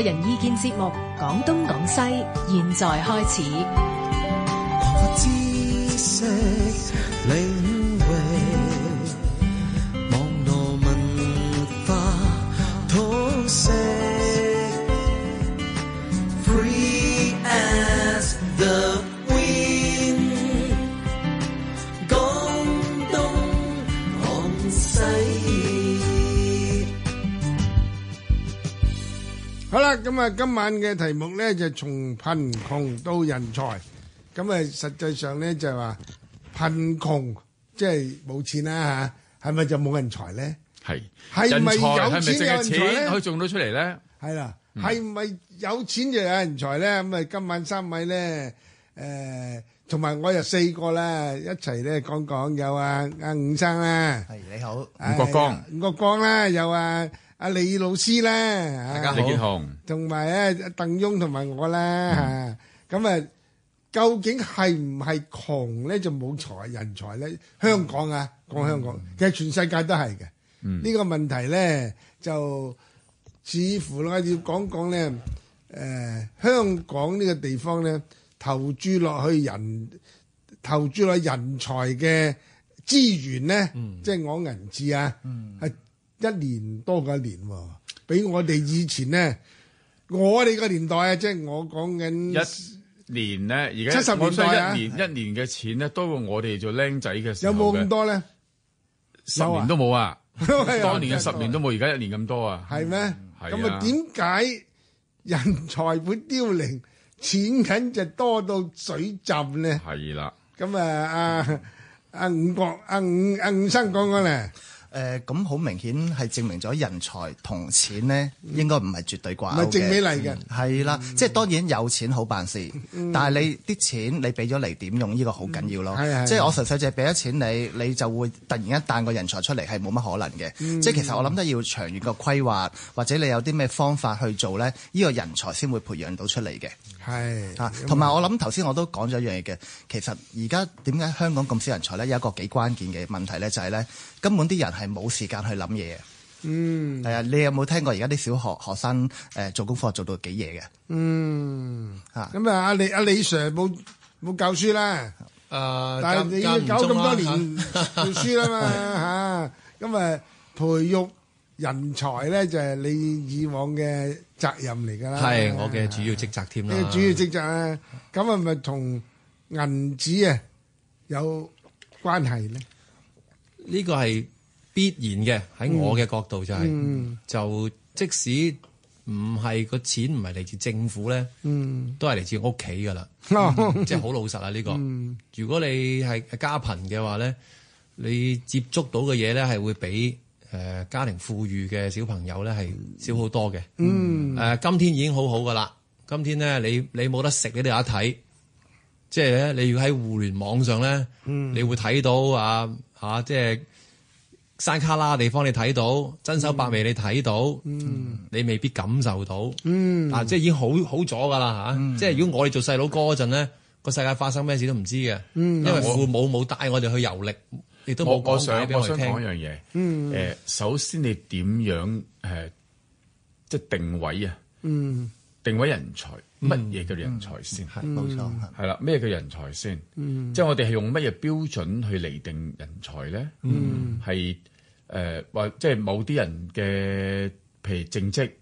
個人意見節目《講東講西》，現在開始。咁啊，今晚嘅題目咧就從貧窮到人才，咁啊，實際上咧就係話貧窮即係冇錢啦。吓，係咪就冇人才咧？係是，係咪有錢正係錢可以種到出嚟咧？係啦，係咪有錢就有人才咧？咁啊，今晚三位咧，誒、呃，同埋我又四個啦，一齊咧講講，有啊，阿、啊、伍、啊、生啦，係你好，伍國光，伍、哎啊、國光啦，有啊。阿李老師咧，李健雄同埋阿阿鄧雍同埋我咧嚇，咁、嗯、啊，究竟係唔係窮咧就冇才人才咧？香港啊，講香港，嗯、其實全世界都係嘅。呢、嗯、個問題咧，就似乎啦，要講講咧，誒，香港呢個地方咧，投注落去人，投注落人才嘅資源咧，嗯、即係我銀紙啊，係、嗯。一年多嘅一年，比我哋以前咧，我哋個年代啊，即係我講緊一年咧，而家七十年代一年一年嘅錢咧，多過我哋做僆仔嘅時候。有冇咁多咧？十年都冇啊！當年嘅十年都冇，而家一年咁多啊？係咩？咁啊？點解人才會凋零，錢緊就多到水浸咧？係啦。咁啊，阿阿伍國阿伍阿伍生講講咧。誒，咁好、呃、明顯係證明咗人才同錢咧，應該唔係絕對掛鈎嘅。係、嗯嗯、啦，嗯、即係當然有錢好辦事，嗯、但係你啲錢你俾咗嚟點用？呢個好緊要咯。嗯、即係我純粹淨係俾咗錢你，你就會突然間彈個人才出嚟係冇乜可能嘅。嗯、即係其實我諗得要長遠個規劃，或者你有啲咩方法去做咧？呢、這個人才先會培養到出嚟嘅。係啊，同埋、嗯、我諗頭先我都講咗一樣嘢嘅，其實而家點解香港咁少人才咧？有一個幾關鍵嘅問題咧，就係、是、咧根本啲人係冇時間去諗嘢。嗯，係啊，你有冇聽過而家啲小學學生誒做功課做到幾夜嘅、嗯的嗯？嗯，嚇咁、呃、啊，阿李阿李 Sir 冇冇教書啦？誒 但係你要教咁多年書啦嘛嚇，咁咪培育。人才咧就係你以往嘅責任嚟噶啦，係我嘅主要職責添啦。你嘅主要職責咧，咁係咪同銀紙啊有關係咧？呢個係必然嘅，喺我嘅角度就係、是，嗯、就即使唔係個錢唔係嚟自政府咧，嗯，都係嚟自屋企噶啦，哦嗯、即係好老實啊呢、呢個。嗯、如果你係家貧嘅話咧，你接觸到嘅嘢咧係會俾。誒、呃、家庭富裕嘅小朋友咧，係少好多嘅。誒、嗯呃，今天已經好好㗎喇。今天咧，你你冇得食，你哋有得睇。即係咧，你要喺互聯網上咧，嗯、你會睇到啊嚇、啊，即係山卡拉地方你睇到，珍饈百味你睇到，嗯、你未必感受到。嗯、啊，嗯、即係已經好好咗㗎喇嚇。即係如果我哋做細佬哥嗰陣咧，個世界發生咩事都唔知嘅、嗯，因為父母冇帶我哋去遊歷。亦都我我想我想講一樣嘢，誒、嗯嗯呃，首先你點樣誒、呃，即係定位啊？嗯，定位人才，乜嘢、嗯、叫人才先？係冇錯，係、嗯、啦，咩叫人才先？嗯、即係我哋係用乜嘢標準去嚟定人才咧？嗯，係誒，或、呃、即係某啲人嘅，譬如正職，誒、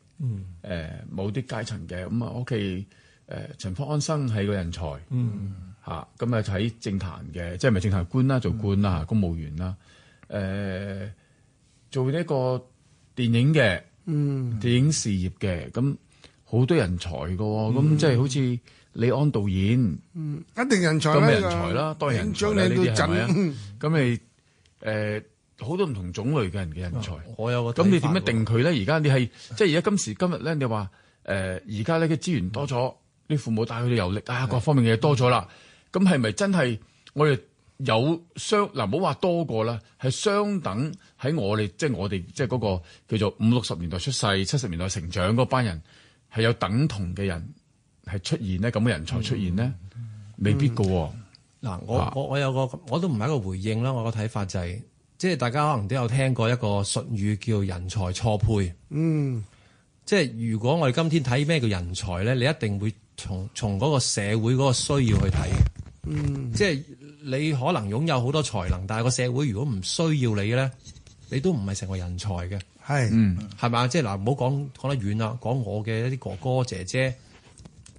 呃，某啲階層嘅，咁啊，O K，誒，陳、okay, 福、呃、安生係個人才，嗯。嗯。啊，咁啊，喺政壇嘅，即係咪政壇官啦，做官啦，公務員啦，誒，做呢個電影嘅，嗯，電影事業嘅，咁好多人才㗎，咁即係好似李安導演，一定人才，咁咪人才啦，當然，將你都揈，咁咪誒，好多唔同種類嘅人嘅人才，我有，咁你點樣定佢咧？而家你係即係而家今時今日咧，你話誒，而家呢嘅資源多咗，啲父母帶佢哋遊歷啊，各方面嘅嘢多咗啦。咁係咪真係我哋有相嗱？唔好話多過啦，係相等喺我哋，即係我哋，即係嗰個叫做五六十年代出世、七十年代成長嗰班人，係有等同嘅人，係出現呢。咁嘅人才出現呢，未必噶。嗱，我我我有個我都唔係一個回應啦。我個睇法就係，即係大家可能都有聽過一個術語叫人才錯配。嗯，即係如果我哋今天睇咩叫人才咧，你一定會從從嗰個社會嗰個需要去睇。嗯，即係你可能擁有好多才能，但係個社會如果唔需要你咧，你都唔係成為人才嘅。係是，嗯，係嘛？即係嗱，唔好講講得遠啦，講我嘅一啲哥哥姐姐，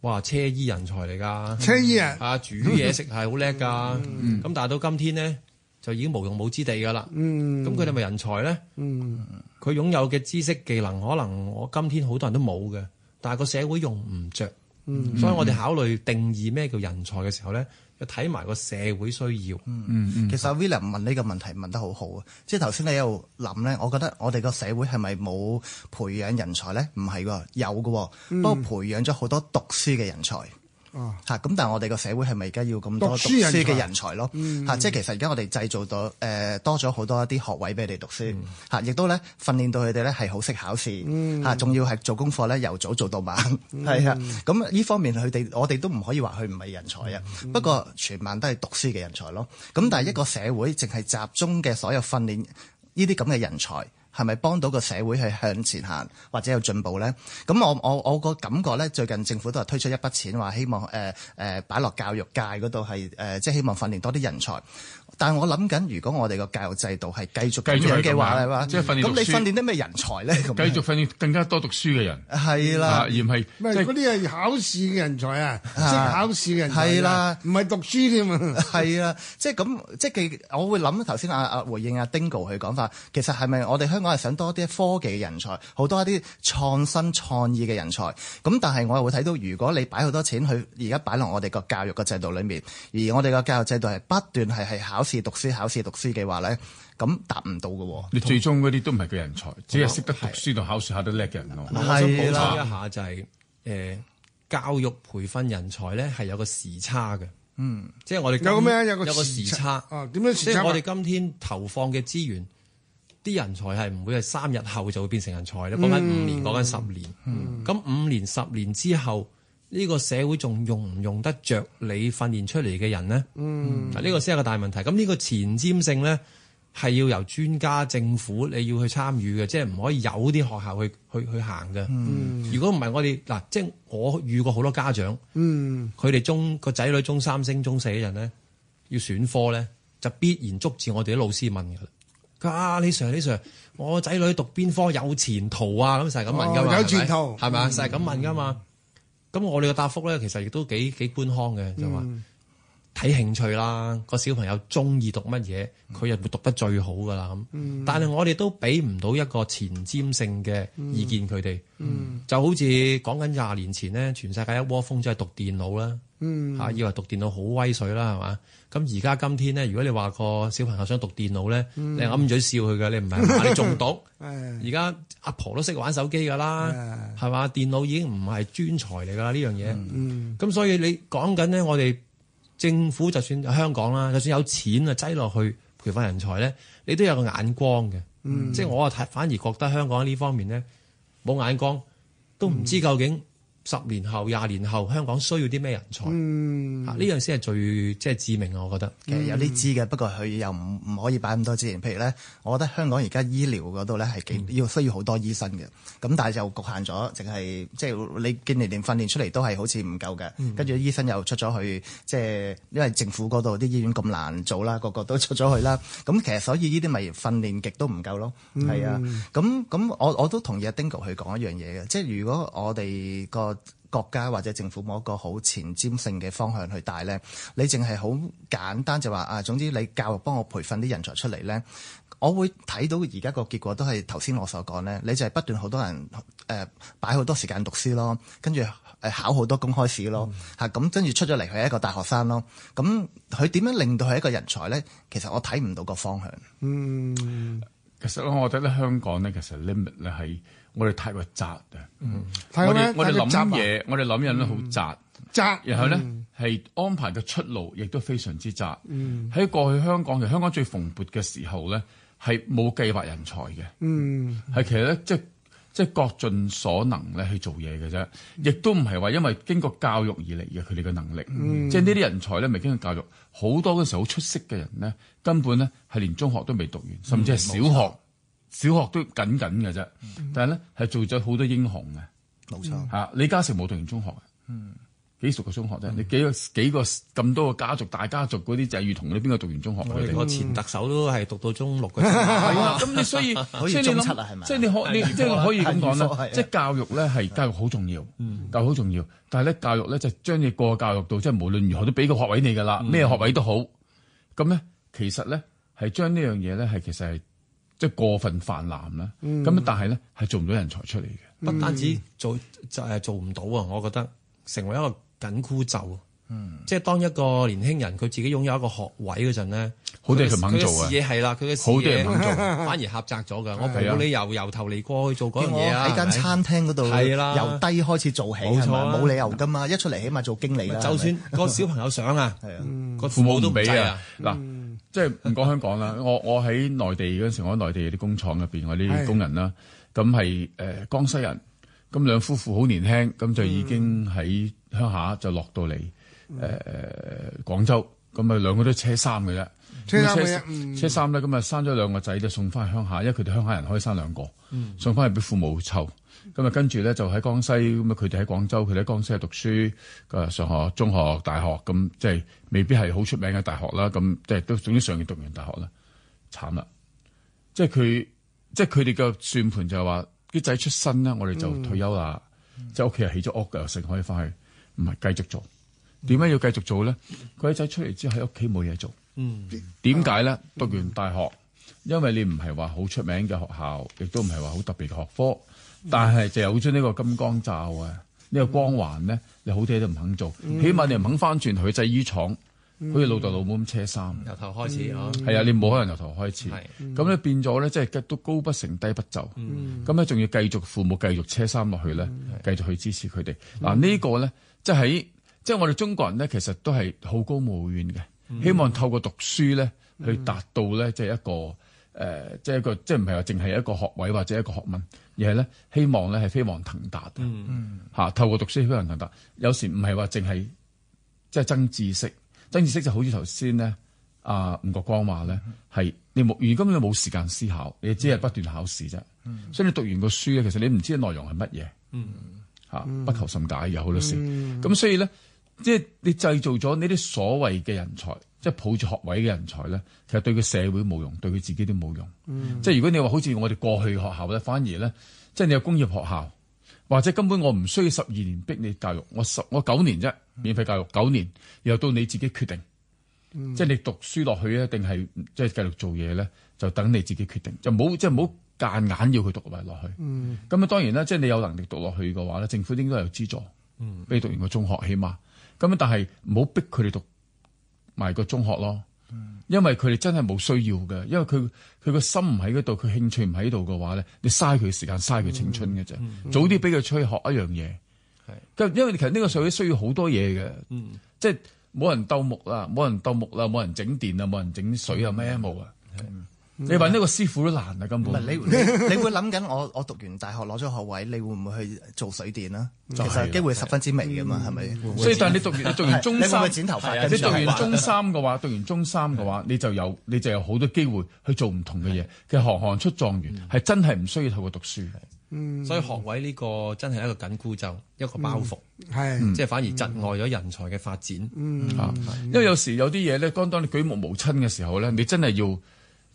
哇，車衣人才嚟噶，車衣啊，吧啊，煮嘢食係好叻噶。咁、嗯嗯、但係到今天咧，就已經無用武之地噶啦。咁佢哋咪人才咧？佢擁、嗯、有嘅知識技能，可能我今天好多人都冇嘅，但係個社會用唔着。嗯，mm hmm. 所以我哋考慮定義咩叫人才嘅時候咧，要睇埋個社會需要。嗯、mm hmm. 嗯，其實 William 問呢個問題問得好好啊，即係頭先你喺度諗咧，我覺得我哋個社會係咪冇培養人才咧？唔係噶，有噶，不過培養咗好多讀書嘅人才。Mm hmm. 哦，吓咁，但係我哋個社會係咪而家要咁多讀書嘅人才咯？吓，即、嗯、係其實而家我哋製造到誒、呃、多咗好多一啲學位俾你哋讀書吓，亦都咧訓練到佢哋咧係好識考試吓，仲、嗯、要係做功課咧由早做到晚係啊。咁呢方面佢哋我哋都唔可以話佢唔係人才啊。嗯、不過全晚都係讀書嘅人才咯。咁、嗯、但係一個社會淨係集中嘅所有訓練呢啲咁嘅人才。係咪幫到個社會係向前行或者有進步咧？咁我我我個感覺咧，最近政府都係推出一筆錢，話希望誒誒擺落教育界嗰度係誒，即係希望訓練多啲人才。但係我諗緊，如果我哋個教育制度係繼續咁樣嘅話係嘛？吧即係訓練讀書咁你訓練啲咩人才咧？繼續訓練更加多讀書嘅人。係啦，而唔係嗰啲係考試嘅人才啊，即係考試嘅人。係啦，唔係讀書添嘛？係啦 啊，即係咁，即係我會諗頭先阿阿回應阿丁哥佢講法，其實係咪我哋香港係想多啲科技嘅人才，好多一啲創新創意嘅人才？咁但係我又會睇到，如果你擺好多錢去而家擺落我哋個教育嘅制度裏面，而我哋個教育制度係不斷係係考。試讀書、考試讀書嘅話咧，咁達唔到嘅。你最終嗰啲都唔係佢人才，哦、只係識得讀書同考試考得叻嘅人咯。係啦的，我想補充一下就係、是、誒，啊、教育培訓人才咧係有個時差嘅。嗯，即係我哋有個咩，有個時差，點樣，即係我哋今天投放嘅資源，啲人才係唔會係三日後就會變成人才。你講緊五年，講緊十年。嗯。咁五年、十年之後。呢個社會仲用唔用得着你訓練出嚟嘅人咧？嗯，嗱呢個先係個大問題。咁、這、呢個前瞻性咧，係要由專家、政府你要去參與嘅，即係唔可以有啲學校去去去行嘅。嗯、如果唔係我哋嗱、啊，即係我遇過好多家長，嗯，佢哋中個仔女中三升中四嘅人咧，要選科咧，就必然捉住我哋啲老師問㗎啦。啊，李 Sir，李 Sir，我仔女讀邊科有前途啊？咁成日咁問㗎嘛，哦、吧有前途係咪啊？成日咁問㗎嘛。咁我哋嘅答覆咧，其實亦都幾幾官腔嘅，就話睇、嗯、興趣啦，個小朋友中意讀乜嘢，佢又會讀得最好噶啦。咁、嗯，但係我哋都俾唔到一個前瞻性嘅意見佢哋，嗯嗯、就好似講緊廿年前咧，全世界一窩蜂即係讀電腦啦。嗯，嚇，以為讀電腦好威水啦，係嘛？咁而家今天咧，如果你話個小朋友想讀電腦咧、嗯，你揞嘴笑佢嘅，你唔係你仲讀？而家在 阿婆都識玩手機㗎啦，係嘛？ 電腦已經唔係專才嚟㗎啦呢樣嘢。咁、嗯嗯、所以你講緊咧，我哋政府就算香港啦，就算有錢啊，擠落去培訓人才咧，你都有個眼光嘅。嗯、即係我啊，反而覺得香港呢方面咧冇眼光，都唔知究竟。十年後、廿年後，香港需要啲咩人才？嗯，啊呢樣先係最即係致命啊，我覺得。其實有啲知嘅，不過佢又唔唔可以擺咁多字。譬如咧，我覺得香港而家醫療嗰度咧係幾要、嗯、需要好多醫生嘅。咁但係就局限咗，淨係即係你見年連訓練出嚟都係好似唔夠嘅。跟住、嗯、醫生又出咗去，即係因為政府嗰度啲醫院咁難做啦，個個都出咗去啦。咁 其實所以呢啲咪訓練極都唔夠咯。係、嗯、啊，咁咁我我都同意阿丁哥去講一樣嘢嘅，即係如果我哋個國家或者政府冇一個好前瞻性嘅方向去帶咧，你淨係好簡單就話啊，總之你教育幫我培訓啲人才出嚟咧，我會睇到而家個結果都係頭先我所講咧，你就係不斷好多人誒、呃、擺好多時間讀書咯，跟住誒考好多公開試咯嚇，咁跟住出咗嚟佢係一個大學生咯，咁佢點樣令到佢係一個人才咧？其實我睇唔到個方向。嗯，其實咧，我覺得香港咧，其實 limit 咧係。我哋太過窄啊！我哋我哋諗嘢，我哋諗人咧好窄，窄。然後咧係安排嘅出路亦都非常之窄。喺過去香港，其香港最蓬勃嘅時候咧，係冇計劃人才嘅。係其實咧，即即各盡所能咧去做嘢嘅啫。亦都唔係話因為經過教育而嚟嘅佢哋嘅能力。即呢啲人才咧未經過教育，好多嗰時候好出色嘅人咧，根本咧係連中學都未讀完，甚至係小學。小學都緊緊嘅啫，但係咧係做咗好多英雄嘅，冇錯嚇。李嘉誠冇讀完中學嘅，嗯，幾熟嘅中學啫。你幾個幾個咁多個家族大家族嗰啲，就係如同你啲邊個讀完中學嘅？我前特首都係讀到中六嘅，係啊。咁你所以，即係你諗即係你可以咁講咧，即係教育咧係教育好重要，教育好重要。但係咧教育咧就將你個教育到，即係無論如何都俾個學位你㗎啦，咩學位都好。咁咧其實咧係將呢樣嘢咧係其實係。即係過分泛濫啦，咁但係咧係做唔到人才出嚟嘅，不單止做就係做唔到啊！我覺得成為一個緊箍咒，即係當一個年輕人佢自己擁有一個學位嗰陣咧，好多嘢佢唔肯做啊！佢嘅事業係啦，佢好多人唔肯做，反而狹窄咗嘅，我冇理由由頭嚟過去做嗰樣嘢啊！喺間餐廳嗰度由低開始做起，冇理由噶嘛！一出嚟起碼做經理啦，就算個小朋友想啊，個父母都唔俾啊！嗱。即係唔講香港啦，我我喺內地嗰陣時，我喺內地啲工廠入邊，我啲工人啦，咁係誒江西人，咁兩夫婦好年輕，咁就已經喺鄉下就落到嚟誒、嗯呃、廣州。咁咪兩個都車三嘅啫、嗯，車三嘅，車三咧，咁啊生咗兩個仔，就送翻去鄉下，因為佢哋鄉下人可以生兩個，嗯、送翻去俾父母湊。咁啊跟住咧就喺江西，咁啊佢哋喺廣州，佢哋喺江西啊讀書，誒上學、中學、大學，咁即係未必係好出名嘅大學啦。咁即係都總之上完讀完大學啦，慘啦！即係佢，即係佢哋嘅算盤就係話啲仔出身啦，我哋就退休啦，嗯嗯、即係屋企又起咗屋嘅，又剩可以翻去，唔係繼續做。點解要繼續做咧？佢啲仔出嚟之後喺屋企冇嘢做，點解咧？讀完大學，因為你唔係話好出名嘅學校，亦都唔係話好特別嘅學科，但係就有咗呢個金剛罩啊，呢個光環咧，你好多嘢都唔肯做，起碼你唔肯翻轉去製衣廠，好似老豆老母咁車衫，由頭開始嗬。係啊，你冇可能由頭開始。咁咧變咗咧，即係都高不成低不就。咁咧仲要繼續父母繼續車衫落去咧，繼續去支持佢哋嗱。呢個咧即係喺。即係我哋中國人咧，其實都係好高騖遠嘅，希望透過讀書咧去達到咧、嗯呃，即係一個誒，即係一個即係唔係話淨係一個學位或者一個學問，而係咧希望咧係飛黃騰達嘅。吓，希望騰達，嗯、透過讀書飛黃騰達，有時唔係話淨係即係增知識，增知識就好似頭先咧，啊、呃，吳國光話咧係你冇，而家根本你冇時間思考，你只係不斷考試啫。所以你讀完個書咧，其實你唔知內容係乜嘢。吓、嗯，嗯嗯、不求甚解有好多事。咁所以咧。即係你製造咗呢啲所謂嘅人才，即係抱住學位嘅人才咧，其實對佢社會冇用，對佢自己都冇用。嗯、即係如果你話好似我哋過去學校咧，反而咧，即係你有工業學校，或者根本我唔需要十二年逼你教育，我十我九年啫，免費教育九年，又到你自己決定，嗯、即係你讀書落去啊，定係即係繼續做嘢咧，就等你自己決定，就唔好，即係唔好夾硬要佢讀埋落去。咁啊、嗯，當然啦，即係你有能力讀落去嘅話咧，政府應該有資助，俾你、嗯、讀完個中學起碼。咁但係唔好逼佢哋讀埋個中學咯，因為佢哋真係冇需要嘅，因為佢佢個心唔喺嗰度，佢興趣唔喺度嘅話咧，你嘥佢時間嘥佢青春嘅啫。嗯嗯、早啲俾佢出去學一樣嘢，咁、嗯嗯、因為其實呢個社會需要好多嘢嘅，嗯、即係冇人鬥木啦，冇人鬥木啦，冇人整電啊，冇人整水啊，咩冇啊？是你揾呢個師傅都難啊，根本你你你會諗緊我我讀完大學攞咗學位，你會唔會去做水電啊？其實機會十分之微噶嘛，係咪？所以但係你讀完讀完中三，你會唔會剪頭髮你讀完中三嘅話，讀完中三嘅話，你就有你就有好多機會去做唔同嘅嘢。其實行行出狀元係真係唔需要透過讀書嘅，所以學位呢個真係一個緊箍咒，一個包袱，即係反而窒礙咗人才嘅發展，因為有時有啲嘢咧，當當你舉目無親嘅時候咧，你真係要。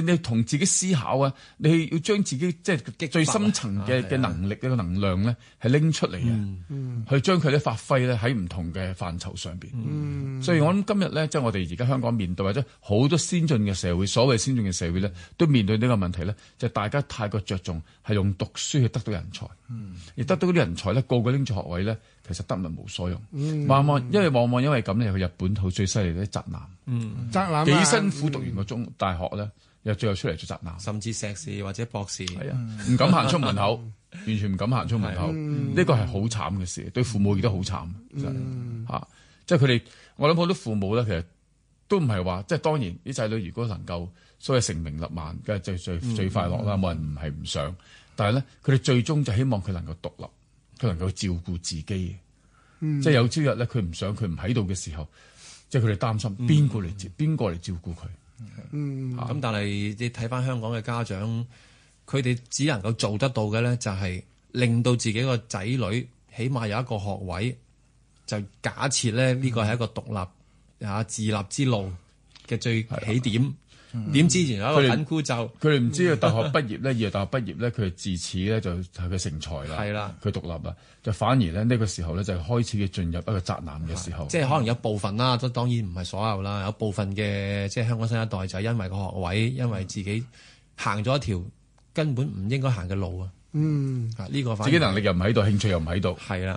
你要同自己思考啊！你要將自己即係最深層嘅嘅能力呢個、啊啊、能量咧，係拎出嚟嘅，嗯嗯、去將佢咧發揮咧喺唔同嘅範疇上邊。嗯、所以我諗今日咧，即、就、係、是、我哋而家香港面對或者好多先進嘅社會，所謂先進嘅社會咧，都面對呢個問題咧，就是、大家太過着重係用讀書去得到人才，嗯、而得到啲人才咧，個個拎住學位咧，其實得物無所用。嗯嗯、往往因為往往因為咁咧，去日本好最犀利啲宅男，宅幾、嗯嗯、辛苦讀完個中大學咧。嗯嗯又最後出嚟做宅男，甚至碩士或者博士，係啊，唔敢行出門口，完全唔敢行出門口，呢個係好慘嘅事，對父母亦都好慘，吓、嗯，即係佢哋，我諗好多父母咧，其實都唔係話，即、就、係、是、當然啲仔女如果能夠所謂成名立萬嘅最最最快樂啦，冇、嗯嗯、人唔係唔想，但係咧，佢哋最終就希望佢能夠獨立，佢能夠照顧自己嘅，即係、嗯嗯、有朝日咧，佢唔想佢唔喺度嘅時候，即係佢哋擔心邊個嚟邊個嚟照顧佢。嗯，咁但係你睇返香港嘅家長，佢哋只能夠做得到嘅咧，就係令到自己個仔女起碼有一個學位，就假設咧呢個係一個獨立嚇、嗯、自立之路嘅最起點。點知原來佢個緊箍咒，佢哋唔知佢大學畢業咧，而月大學畢業咧，佢自此咧就係佢成才啦，係啦，佢獨立啦，就反而咧呢個時候咧就開始要進入一個宅男嘅時候，即係可能有部分啦，都當然唔係所有啦，有部分嘅即係香港新一代就因為個學位，因為自己行咗一條根本唔應該行嘅路啊。嗯，呢個，自己能力又唔喺度，興趣又唔喺度，係啦。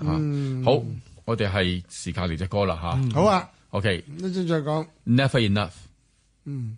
好，我哋係時間嚟隻歌啦吓。好啊，OK，再講 Never Enough。嗯。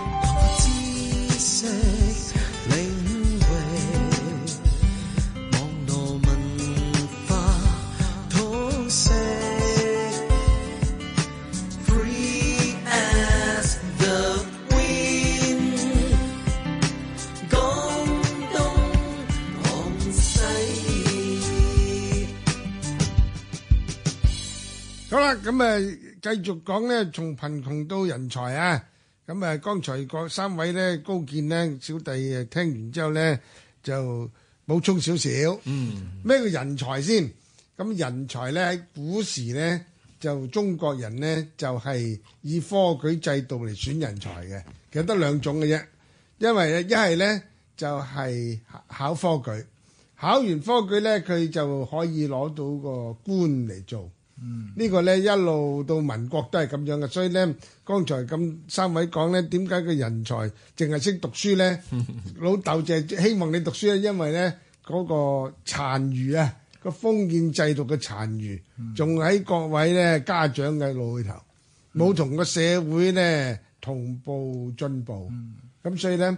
咁啊，繼續講咧，從貧窮到人才啊！咁啊，剛才三位咧高見咧，小弟誒聽完之後咧就補充少少。嗯、嗯，咩叫人才先？咁人才咧喺古時咧就中國人咧就係以科舉制度嚟選人才嘅，其實得兩種嘅啫。因為一係咧就係考科舉，考完科舉咧佢就可以攞到個官嚟做。嗯、個呢個咧一路到民國都係咁樣嘅，所以咧剛才咁三位講咧，點解個人才淨係識讀書咧？ 老豆淨係希望你讀書咧，因為咧嗰、那個殘餘啊，個封建制度嘅殘餘，仲喺、嗯、各位咧家長嘅腦裏頭，冇同個社會咧同步進步。咁、嗯、所以咧，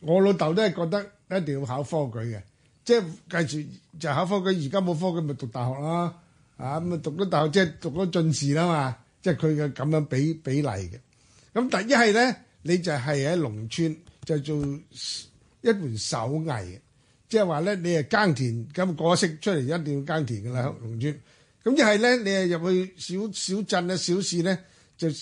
我老豆都係覺得一定要考科舉嘅，即係繼續就考科舉。而家冇科舉咪讀大學啦。啊咁啊，讀咗大學即係讀咗進士啦嘛，即係佢嘅咁樣比比例嘅。咁第一係咧，你就係喺農村就做一門手藝嘅，即係話咧你係耕田咁，個識出嚟一定要耕田噶啦，農村。咁一係咧，你係入去小小鎮啊、小市咧，就誒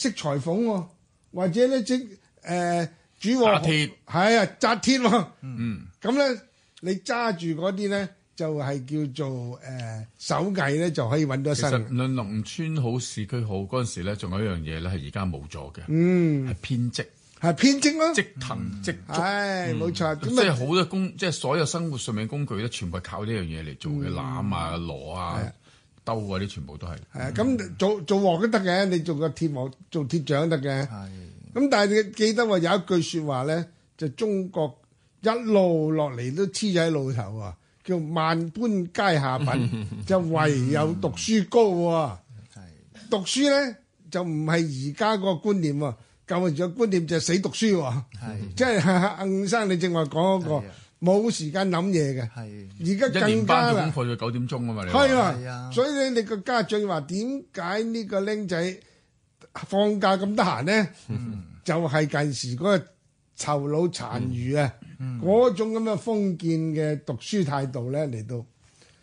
識裁縫，或者咧即誒。呃、煮和紮鐵田，係啊，紮鐵喎、哦。嗯。咁咧、嗯，你揸住嗰啲咧。就係叫做誒手藝咧，就可以揾到。新，無論農村好，市區好嗰陣時咧，仲有一樣嘢咧，係而家冇咗嘅，嗯，係編織，係編織咯，即藤織，誒冇錯，即係好多工，即係所有生活上面工具咧，全部靠呢樣嘢嚟做嘅，攬啊攞啊兜嗰啲，全部都係係咁做做鑊都得嘅，你做個鐵鑊，做鐵掌都得嘅。係咁，但係你記得話有一句説話咧，就中國一路落嚟都黐咗喺路頭啊。叫萬般皆下品，就唯有讀書高喎。係讀書咧，就唔係而家嗰個觀念喎。舊嘅觀念就係死讀書喎。係即係阿伍生，你正話講嗰個冇時間諗嘢嘅。係而家更加啦。一年班放課要九點鐘啊嘛。係啊，所以咧，你個家長話點解呢個僆仔放假咁得閒咧？就係近時嗰個酬勞殘餘啊！嗰、嗯、種咁嘅封建嘅讀書態度咧，嚟到，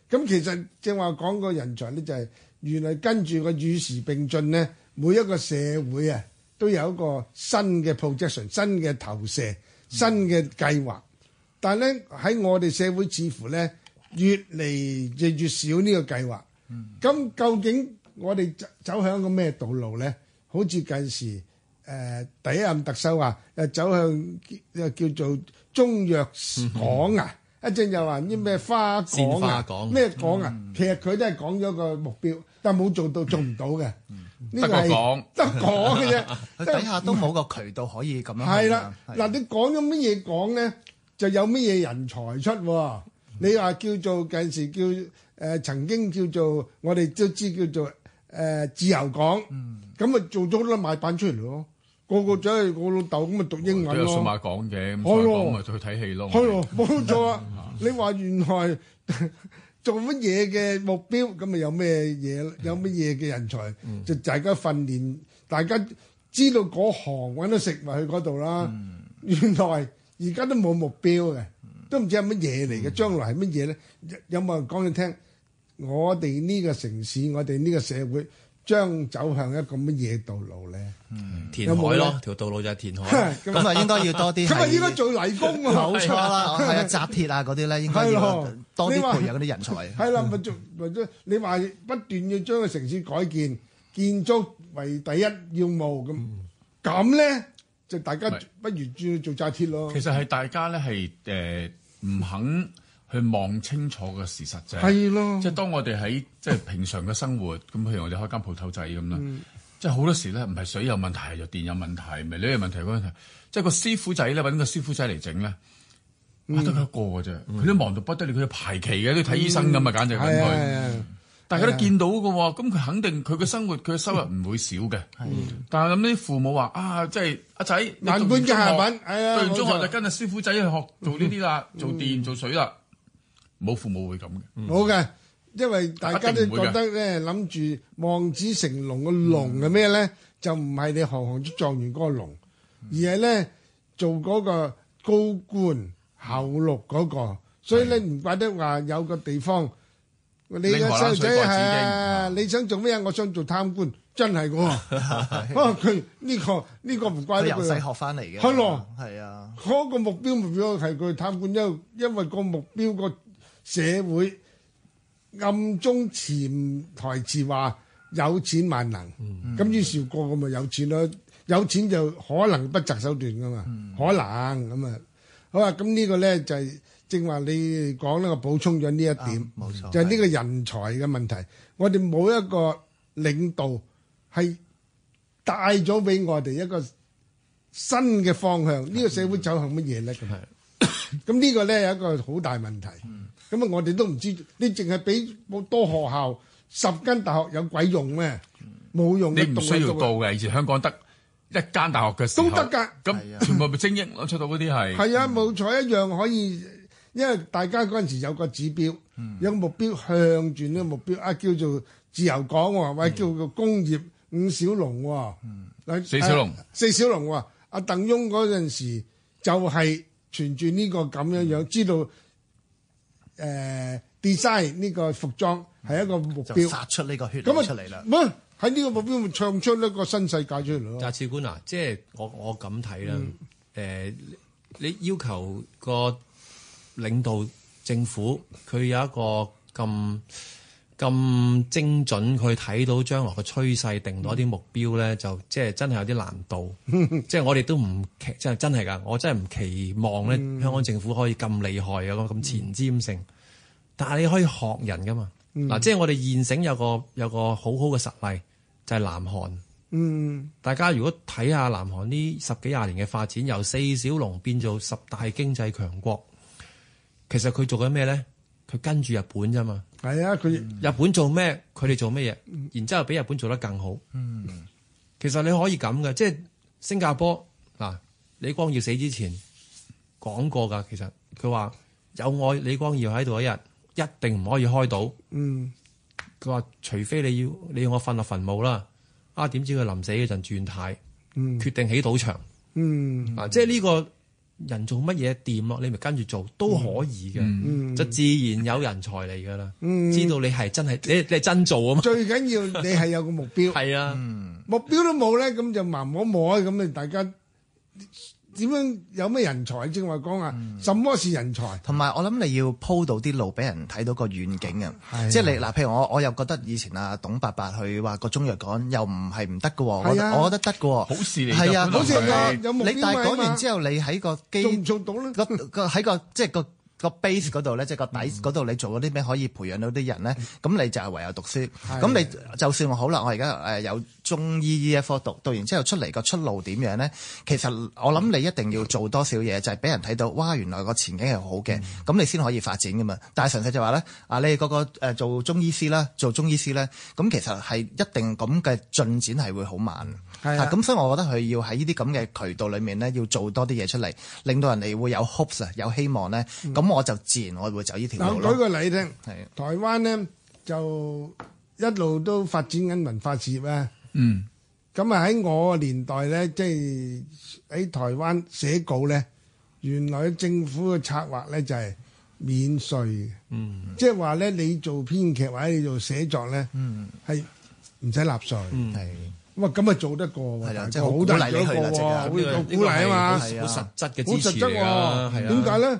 咁其實正話講個人才咧就係、是，原來跟住個與時並進咧，每一個社會啊，都有一個新嘅 projection 新嘅投射、新嘅計劃。但係咧喺我哋社會似乎咧，越嚟就越少呢個計劃。咁究竟我哋走走向個咩道路咧？好似近時。誒第一任特首話又走向叫做中藥港啊，一陣又話啲咩花港啊，咩港啊，其實佢都係講咗個目標，但係冇做到，做唔到嘅。呢個係得講得講嘅啫，底下都冇個渠道可以咁樣。係啦，嗱，你講咗乜嘢港咧，就有乜嘢人才出。你話叫做近時叫誒曾經叫做我哋都知叫做誒自由港，咁啊做咗好多賣品出嚟咯。個個仔，我老豆咁啊讀英文咯。即係數碼講嘅，咁再講咪去睇戲咯。係咯，冇錯。你話原來做乜嘢嘅目標，咁咪有咩嘢，有乜嘢嘅人才，就大家訓練，大家知道嗰行搵到食埋去嗰度啦。原來而家都冇目標嘅，都唔知係乜嘢嚟嘅，將來係乜嘢咧？有冇人講你聽？我哋呢個城市，我哋呢個社會。將走向一個乜嘢道路咧？填、嗯、海咯，有有條道路就係填海。咁啊，應該要多啲。咁啊，應該做泥工，啊。冇 錯啦，係啊，紮鐵啊嗰啲咧，應該要多啲培養嗰啲人才。係啦，咪做咪你話、嗯、不斷要將個城市改建、建築為第一要務咁，咁咧就大家不如轉做紮鐵咯。其實係大家咧係誒唔肯。去望清楚個事實就係，即係當我哋喺即係平常嘅生活，咁譬如我哋開間鋪頭仔咁啦，即係好多時咧，唔係水有問題，就電有問題，咪呢個問題嗰問題，即係個師傅仔咧揾個師傅仔嚟整咧，得一個嘅啫，佢都忙到不得了，佢要排期嘅，都睇醫生咁啊，簡直係，大家都見到㗎喎，咁佢肯定佢嘅生活佢嘅收入唔會少嘅，但係咁啲父母話啊，即係阿仔難揾嘅係揾，讀完中學就跟阿師傅仔去學做呢啲啦，做電做水啦。冇父母會咁嘅，好嘅，因為大家都覺得咧，諗住望子成龍個龍係咩咧？就唔係你行行出狀元嗰個龍，而係咧做嗰個高官厚祿嗰個。所以咧唔怪得話有個地方，你個細路仔係你想做咩嘢？我想做貪官，真係㗎喎。不過佢呢個呢個唔怪得佢細學翻嚟嘅，係咯，係啊，嗰個目標目標係佢貪官，因因為個目標個，社會暗中潛台詞話有錢萬能，咁、嗯、於是個個咪有錢咯，有錢就可能不擇手段噶嘛，嗯、可能咁啊，好啊，咁呢個咧就係正話你講呢我補充咗呢一點，嗯、冇錯、就係呢個人才嘅問題，是我哋冇一個領導係帶咗俾我哋一個新嘅方向，呢、呢個社會走向乜嘢咧？咁、嗯，咁 呢個咧有一個好大問題。嗯咁啊！我哋都唔知，你淨係俾多學校十間大學有鬼用咩？冇用！你唔需要到嘅，以前香港得一間大學嘅，都得噶。咁那、啊、全部咪精英出到嗰啲係。係啊，冇、嗯、錯，一樣可以，因為大家嗰陣時有個指標，有個目標向住呢個目標啊，叫做自由港喎，或者、啊啊、叫做工業五小龍喎、啊啊，四小龍，四小龍喎，阿鄧湧嗰陣時就係傳住呢個咁樣樣，知道、嗯。誒、呃、design 呢個服裝係一個目標，就殺出呢個血流出嚟啦！唔喺呢個目標度唱出呢個新世界出嚟咯。就似官啊，即係我我咁睇啦。誒、呃，你要求個領導政府佢有一個咁。咁精準，去睇到將來嘅趨勢，定到一啲目標咧，就即係真係有啲難度。即係 我哋都唔即係真係噶，我真係唔期望咧香港政府可以咁厲害有個，咁 前瞻性。但係你可以學人噶嘛嗱， 即係我哋現成有個有個好好嘅實例就係、是、南韓。嗯， 大家如果睇下南韓呢十幾廿年嘅發展，由四小龍變做十大經濟強國，其實佢做緊咩咧？佢跟住日本啫嘛。係啊，佢日本做咩，佢哋做咩嘢，然之後比日本做得更好。嗯，其實你可以咁嘅，即係新加坡嗱、啊，李光耀死之前講過噶，其實佢話有我李光耀喺度一日，一定唔可以開賭。嗯，佢話除非你要你要我瞓入墳墓啦。啊，點知佢臨死嗰陣轉態，嗯、決定起賭場。嗯，啊，即係呢、呢個。人做乜嘢掂咯，你咪跟住做都可以嘅，嗯、就自然有人才嚟噶啦。嗯、知道你係真係，你你係真做啊嘛。最緊要是你係有個目標。係 啊，目標都冇咧，咁就盲摸摸咁你大家。點樣，有咩人才？正話講啊，什麼是人才？同埋我諗你要鋪到啲路俾人睇到個遠景啊！即係你嗱，譬如我我又覺得以前啊，董伯伯去話個中藥港又唔係唔得嘅，啊、我覺得得㗎喎。好事嚟嘅、啊，啊、好事啊！是有目你但係講完之後，嗎你喺個機做做到啦，喺個即係個。就是那個 個 base 嗰度咧，即係個底嗰度，你做啲咩可以培養到啲人咧？咁、嗯、你就係唯有讀書，咁的你就算我好啦，我而家誒有中醫依一科讀，讀完之後出嚟個出路點樣咧？其實我諗，你一定要做多少嘢，就係、是、俾人睇到，哇！原來個前景係好嘅，咁、嗯、你先可以發展噶嘛。但係純粹就話咧，啊，你嗰個誒做中醫師啦，做中醫師咧，咁其實係一定咁嘅進展係會好慢。係的啊，咁所以我覺得佢要喺呢啲咁嘅渠道裏面咧，要做多啲嘢出嚟，令到人哋會有 hopes 啊，有希望咧。咁、嗯我就自然我會走呢條路。攞舉個例聽，係啊，台灣咧就一路都發展緊文化事業啊。嗯，咁啊喺我個年代咧，即係喺台灣寫稿咧，原來政府嘅策劃咧就係免稅嘅。嗯，即係話咧，你做編劇或者你做寫作咧，嗯嗯，係唔使納稅。嗯，係。哇，咁啊做得過喎，即係好大鼓勵一個喎，呢個鼓勵啊嘛，好實質嘅支持嚟㗎，係啊。點解咧？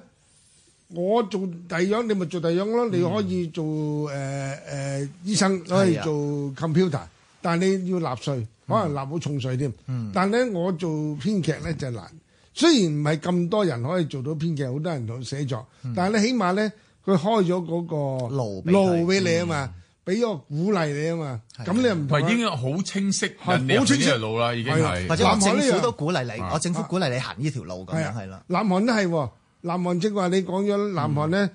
我做第二樣，你咪做第二樣咯。你可以做誒誒醫生，可以做 computer，但係你要納稅，可能納好重稅添。但係咧，我做編劇咧就難。雖然唔係咁多人可以做到編劇，好多人做寫作，但係咧，起碼咧，佢開咗嗰個路路俾你啊嘛，俾個鼓勵你啊嘛。咁你唔唔係應該好清晰，好清晰路啦，已經係或者政府都鼓勵你，我政府鼓勵你行呢條路咁樣係啦。南韓都係喎。南韓即係話你講咗，南韓咧，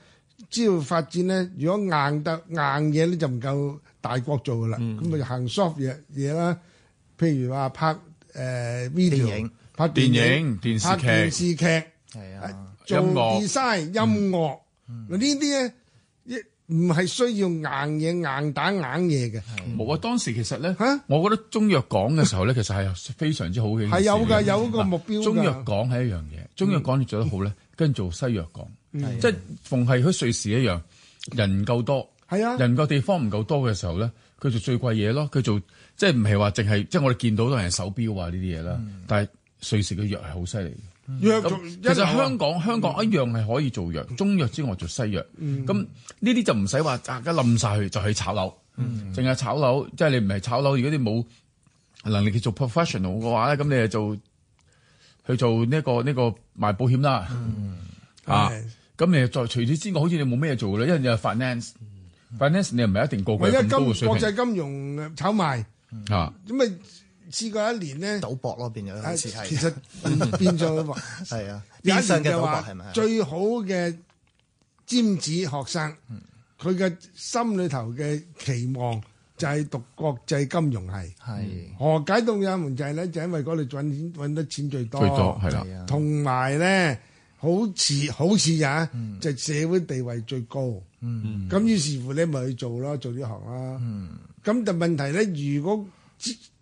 只要發展咧，如果硬得硬嘢咧就唔夠大國做噶啦，咁咪行 soft 嘢嘢啦。譬如話拍誒 video 電影，拍電影，拍電視劇，係啊，做 design 音樂，嗱呢啲咧亦唔係需要硬嘢，硬打硬嘢嘅。冇啊，當時其實咧嚇，我覺得中藥講嘅時候咧，其實係非常之好嘅。係有㗎，有個目標。中藥講係一樣嘢，中藥講你做得好咧。跟住做西藥講，即係逢係佢瑞士一樣，人夠多，係啊，人夠地方唔夠多嘅時候咧，佢做最貴嘢咯。佢做即係唔係話淨係，即係我哋見到都係手錶啊呢啲嘢啦。但係瑞士嘅藥係好犀利，嘅藥，做其實香港香港一樣係可以做藥，中藥之外做西藥。咁呢啲就唔使話大家冧晒佢，就係炒樓，淨係炒樓。即係你唔係炒樓，如果你冇能力去做 professional 嘅話咧，咁你就做。去做呢個呢個賣保險啦，嚇咁你再除此之外，好似你冇咩嘢做咧，因為你係 finance，finance 你又唔係一定過關嘅都會水平。國際金融炒賣嚇，咁咪試過一年咧，賭博咯變咗，有時其實變咗，係啊，變相嘅賭博係咪最好嘅尖子學生，佢嘅心裏頭嘅期望。就係讀國際金融系，嗯、何解當入門就係咧？就係、因為嗰度揾錢揾得錢最多，係啦。同埋咧，好似好似呀，嗯、就社會地位最高。嗯，咁於是乎你咪去做咯，做呢行啦。嗯，咁但問題咧，如果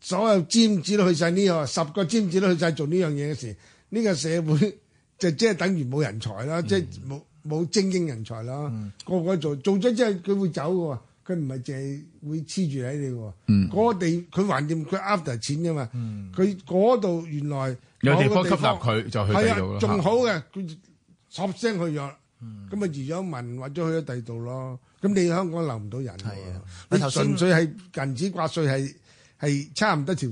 所有尖子都去晒呢、呢個，十個尖子都去晒做呢樣嘢嘅時，呢、呢個社會就即係等於冇人才啦，即係冇冇精英人才啦。嗯、個個做做咗之後，佢會走嘅喎。佢唔係淨係會黐住喺你喎，嗰地佢還掂佢 after 錢啫嘛，佢嗰度原來有地方吸納佢就係咁樣咯，仲好嘅佢索聲去咗，咁啊移咗民或者去咗第二度咯，咁你香港留唔到人係啊，你純粹係銀紙刮稅係係差唔多條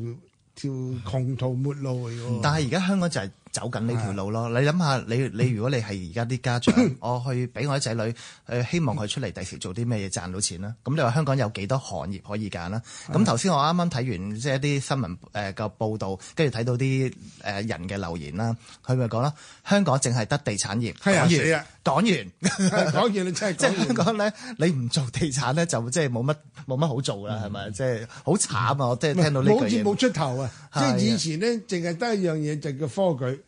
條窮途末路嚟嘅喎，但係而家香港就係。走緊呢條路咯的，你諗下，你你如果你係而家啲家長， 我去俾我啲仔女，誒、呃、希望佢出嚟第時做啲咩嘢賺到錢啦、啊。咁你話香港有幾多行業可以揀啦、啊？咁頭先我啱啱睇完即係一啲新聞誒嘅報道，跟住睇到啲誒、呃、人嘅留言啦，佢咪講啦，香港淨係得地產業行業。的講完，講完你真係即係香港咧，你唔做地產咧，就即係冇乜冇乜好做啦，係咪？即係好慘啊！我係聽到你。好似冇出頭啊！即係以前咧，淨係得一樣嘢就叫科舉，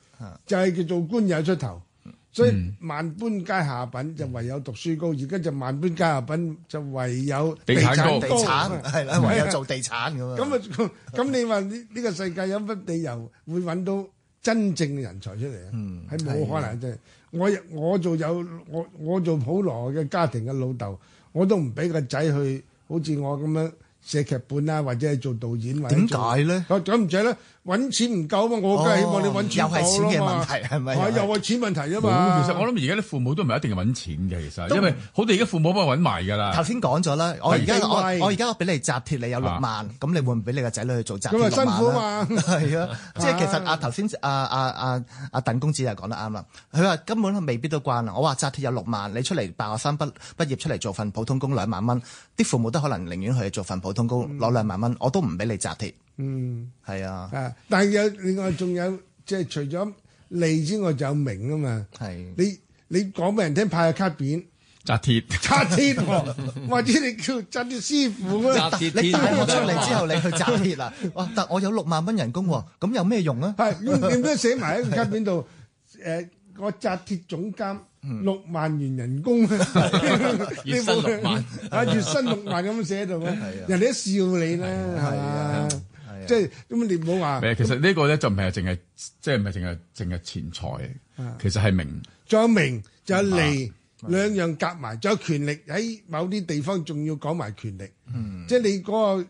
就係叫做官有出頭。所以萬般皆下品，就唯有讀書高；而家就萬般皆下品，就唯有地產高，地產係啦，唯有做地產咁咁啊！咁你話呢個世界有乜理由會揾到？真正嘅人才出嚟啊！係冇、嗯、可能嘅，的我我做有我我做普羅嘅家庭嘅老豆，我都唔俾個仔去好似我咁樣寫劇本啦，或者係做導演，或者點解咧？我唔準咧？揾錢唔夠嘛？我更加希望你揾住又係錢嘅問題係咪？又係錢問題啊嘛、嗯。其實我諗而家啲父母都唔係一定要揾錢嘅，其實不因為好多而家父母都係揾埋㗎啦。頭先講咗啦，我而家我我而家俾你紮鐵你有六萬，咁、啊、你會唔會俾你個仔女去做紮鐵六萬？辛苦嘛？係 啊，即係其實阿頭先阿阿阿阿鄧公子就講得啱啦。佢話根本未必都慣我話紮鐵有六萬，你出嚟大學生畢畢業出嚟做份普通工兩萬蚊，啲父母都可能寧願佢做份普通工攞、嗯、兩萬蚊，我都唔俾你紮鐵。啊、嗯，係啊，啊，但係有另外仲有，即係除咗利之外就有名啊嘛。係，你你講俾人聽，派個卡片紮鐵，紮鐵，或者你叫紮鐵師傅啊。紮鐵，你派我出嚟之後你去紮鐵啊？哇！但我有六萬蚊人工喎，咁有咩用啊？係，咁點都寫埋喺個卡片度？誒，個紮鐵總監六萬元人工啊，月薪六萬月薪六萬咁寫度啊，人哋一笑你啦，係啊。即係咁你唔好話。誒，其實個呢個咧那就唔係淨係，即係唔係淨係淨係錢財，啊、其實係名，仲有名，仲有利，啊、兩樣夾埋。仲的有權力喺某啲地方，仲要講埋權力。嗯。即係你嗰、那個。